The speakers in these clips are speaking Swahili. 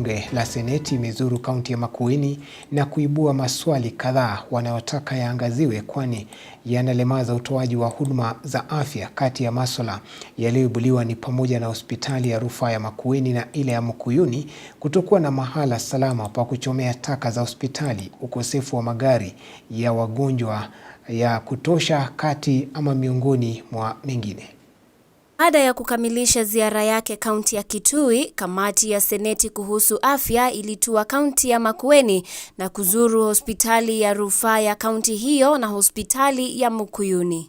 Bunge la Seneti imezuru kaunti ya Makueni na kuibua maswali kadhaa wanayotaka yaangaziwe kwani yanalemaza utoaji wa huduma za afya. Kati ya maswala yaliyoibuliwa ni pamoja na hospitali ya rufaa ya Makueni na ile ya Mukuyuni kutokuwa na mahala salama pa kuchomea taka za hospitali, ukosefu wa magari ya wagonjwa ya kutosha, kati ama miongoni mwa mengine. Baada ya kukamilisha ziara yake kaunti ya Kitui, kamati ya seneti kuhusu afya ilitua kaunti ya Makueni na kuzuru hospitali ya rufaa ya kaunti hiyo na hospitali ya Mukuyuni.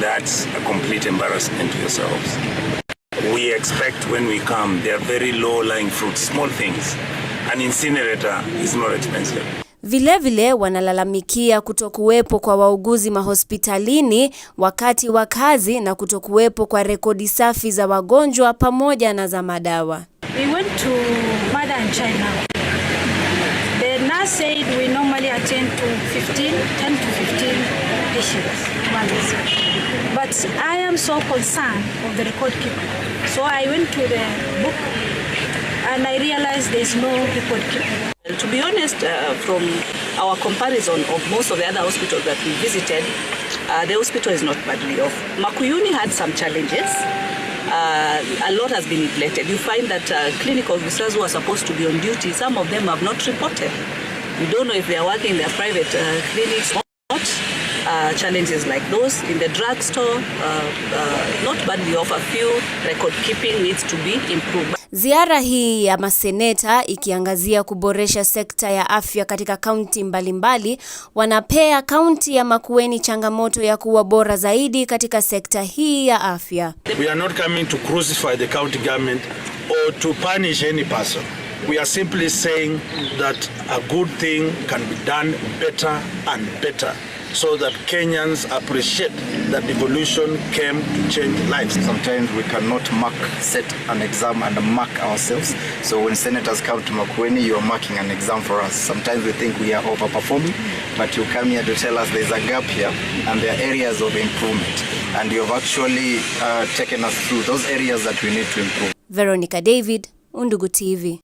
That's a complete embarrassment to yourselves. We expect when we come, there are very low-lying fruits, small things. An incinerator is not expensive. Vilevile wanalalamikia kutokuwepo kwa wauguzi mahospitalini wakati wa kazi na kutokuwepo kwa rekodi safi za wagonjwa pamoja na za madawa. We went to mother in China. The nurse said we normally attend to 15, 10 to 15 issues. But I am so concerned of the record keeping. So I went to the book and I realized there's no record keeping. To be honest, uh, from our comparison of most of the other hospitals that we visited, uh, the hospital is not badly off. Makuyuni had some challenges. Uh, a lot has been neglected. You find that uh, clinical officers who are supposed to be on duty, some of them have not reported. We don't know if they are working in their private uh, clinics. uh, challenges like those in the drugstore. Uh, uh, not but we offer few record keeping needs to be improved. Ziara hii ya maseneta ikiangazia kuboresha sekta ya afya katika kaunti mbalimbali, wanapea kaunti ya Makueni changamoto ya kuwa bora zaidi katika sekta hii ya afya. We are not coming to crucify the county government or to punish any person. We are simply saying that a good thing can be done better and better so that Kenyans appreciate that evolution came to change lives. Sometimes we cannot mark, set an exam and mark ourselves. So when senators come to Makueni, you are marking an exam for us. Sometimes we think we are overperforming, but you come here to tell us there's a gap here and there are areas of improvement. And you have actually uh, taken us through those areas that we need to improve. Veronica David, Undugu TV.